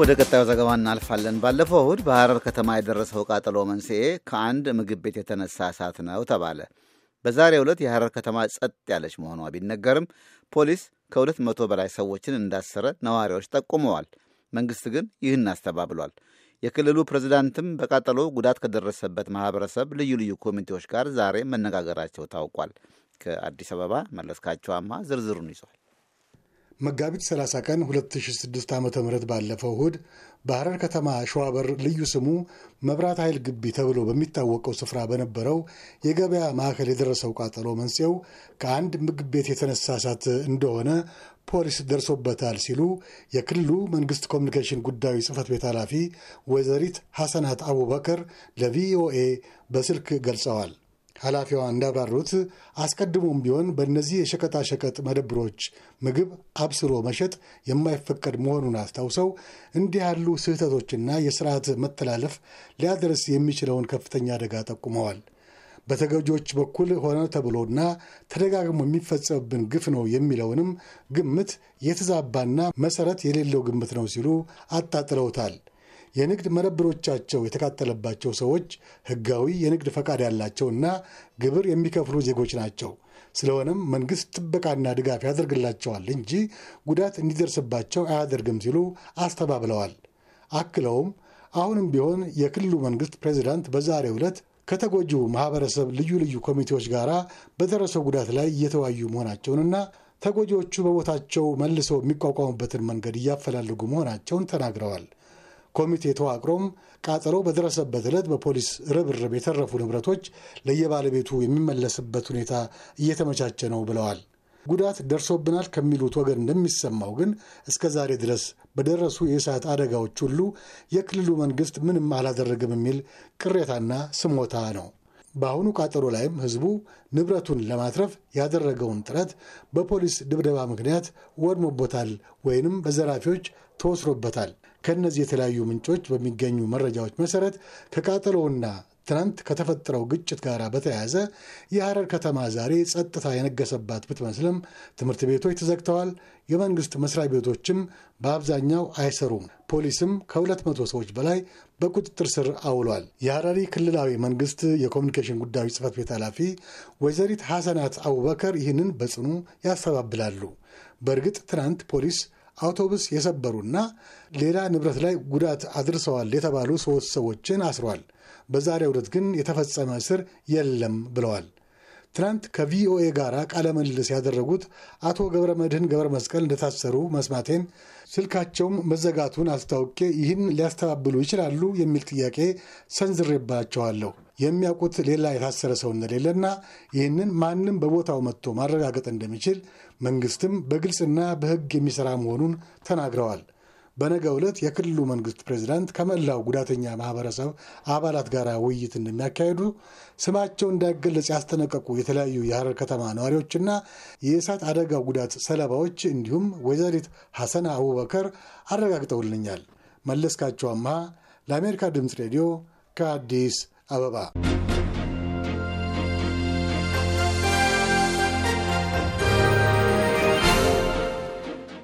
ወደ ቀጣዩ ዘገባ እናልፋለን። ባለፈው እሁድ በሐረር ከተማ የደረሰው ቃጠሎ መንስኤ ከአንድ ምግብ ቤት የተነሳ እሳት ነው ተባለ። በዛሬው ዕለት የሐረር ከተማ ጸጥ ያለች መሆኗ ቢነገርም ፖሊስ ከሁለት መቶ በላይ ሰዎችን እንዳሰረ ነዋሪዎች ጠቁመዋል። መንግሥት ግን ይህን አስተባብሏል። የክልሉ ፕሬዝዳንትም በቃጠሎ ጉዳት ከደረሰበት ማኅበረሰብ ልዩ ልዩ ኮሚቴዎች ጋር ዛሬ መነጋገራቸው ታውቋል። ከአዲስ አበባ መለስካቸው አማ ዝርዝሩን ይዟል። መጋቢት 30 ቀን 2006 ዓ ም ባለፈው እሁድ በሐረር ከተማ ሸዋበር ልዩ ስሙ መብራት ኃይል ግቢ ተብሎ በሚታወቀው ስፍራ በነበረው የገበያ ማዕከል የደረሰው ቃጠሎ መንስኤው ከአንድ ምግብ ቤት የተነሳ እሳት እንደሆነ ፖሊስ ደርሶበታል ሲሉ የክልሉ መንግስት ኮሚኒኬሽን ጉዳዮች ጽህፈት ቤት ኃላፊ ወይዘሪት ሐሰናት አቡበከር ለቪኦኤ በስልክ ገልጸዋል። ኃላፊዋ እንዳብራሩት አስቀድሞም ቢሆን በእነዚህ የሸቀጣሸቀጥ መደብሮች ምግብ አብስሮ መሸጥ የማይፈቀድ መሆኑን አስታውሰው እንዲህ ያሉ ስህተቶችና የስርዓት መተላለፍ ሊያደርስ የሚችለውን ከፍተኛ አደጋ ጠቁመዋል። በተገጆች በኩል ሆነ ተብሎና ተደጋግሞ የሚፈጸምብን ግፍ ነው የሚለውንም ግምት የተዛባና መሰረት የሌለው ግምት ነው ሲሉ አጣጥለውታል። የንግድ መደብሮቻቸው የተቃጠለባቸው ሰዎች ህጋዊ የንግድ ፈቃድ ያላቸውና ግብር የሚከፍሉ ዜጎች ናቸው። ስለሆነም መንግስት ጥበቃና ድጋፍ ያደርግላቸዋል እንጂ ጉዳት እንዲደርስባቸው አያደርግም ሲሉ አስተባብለዋል። አክለውም አሁንም ቢሆን የክልሉ መንግስት ፕሬዚዳንት በዛሬው ዕለት ከተጎጂው ማህበረሰብ ልዩ ልዩ ኮሚቴዎች ጋር በደረሰው ጉዳት ላይ እየተወያዩ መሆናቸውንና ተጎጂዎቹ በቦታቸው መልሰው የሚቋቋሙበትን መንገድ እያፈላለጉ መሆናቸውን ተናግረዋል። ኮሚቴ ተዋቅሮም ቃጠሎ በደረሰበት ዕለት በፖሊስ ርብርብ የተረፉ ንብረቶች ለየባለቤቱ የሚመለስበት ሁኔታ እየተመቻቸ ነው ብለዋል። ጉዳት ደርሶብናል ከሚሉት ወገን እንደሚሰማው ግን እስከ ዛሬ ድረስ በደረሱ የእሳት አደጋዎች ሁሉ የክልሉ መንግስት ምንም አላደረግም የሚል ቅሬታና ስሞታ ነው። በአሁኑ ቃጠሎ ላይም ህዝቡ ንብረቱን ለማትረፍ ያደረገውን ጥረት በፖሊስ ድብደባ ምክንያት ወድሞበታል ወይንም በዘራፊዎች ተወስሮበታል። ከእነዚህ የተለያዩ ምንጮች በሚገኙ መረጃዎች መሰረት ከቃጠሎውና ትናንት ከተፈጠረው ግጭት ጋር በተያያዘ የሐረር ከተማ ዛሬ ጸጥታ የነገሰባት ብትመስልም ትምህርት ቤቶች ተዘግተዋል። የመንግሥት መስሪያ ቤቶችም በአብዛኛው አይሰሩም። ፖሊስም ከሁለት መቶ ሰዎች በላይ በቁጥጥር ስር አውሏል። የሐረሪ ክልላዊ መንግሥት የኮሚኒኬሽን ጉዳዮች ጽፈት ቤት ኃላፊ ወይዘሪት ሐሰናት አቡበከር ይህንን በጽኑ ያስተባብላሉ። በእርግጥ ትናንት ፖሊስ አውቶቡስ የሰበሩና ሌላ ንብረት ላይ ጉዳት አድርሰዋል የተባሉ ሶስት ሰዎችን አስሯል። በዛሬው ዕለት ግን የተፈጸመ እስር የለም ብለዋል። ትናንት ከቪኦኤ ጋር ቃለ ምልልስ ያደረጉት አቶ ገብረ መድህን ገብረ መስቀል እንደታሰሩ መስማቴን ስልካቸውም መዘጋቱን አስታውቄ ይህን ሊያስተባብሉ ይችላሉ የሚል ጥያቄ ሰንዝሬባቸዋለሁ። የሚያውቁት ሌላ የታሰረ ሰው እንደሌለና ይህንን ማንም በቦታው መጥቶ ማረጋገጥ እንደሚችል መንግስትም በግልጽና በሕግ የሚሰራ መሆኑን ተናግረዋል። በነገ ዕለት የክልሉ መንግስት ፕሬዚዳንት ከመላው ጉዳተኛ ማህበረሰብ አባላት ጋር ውይይት እንደሚያካሄዱ ስማቸው እንዳይገለጽ ያስጠነቀቁ የተለያዩ የሐረር ከተማ ነዋሪዎችና የእሳት አደጋ ጉዳት ሰለባዎች እንዲሁም ወይዘሪት ሐሰን አቡበከር አረጋግጠውልኛል። መለስካቸው አምሃ ለአሜሪካ ድምፅ ሬዲዮ ከአዲስ አበባ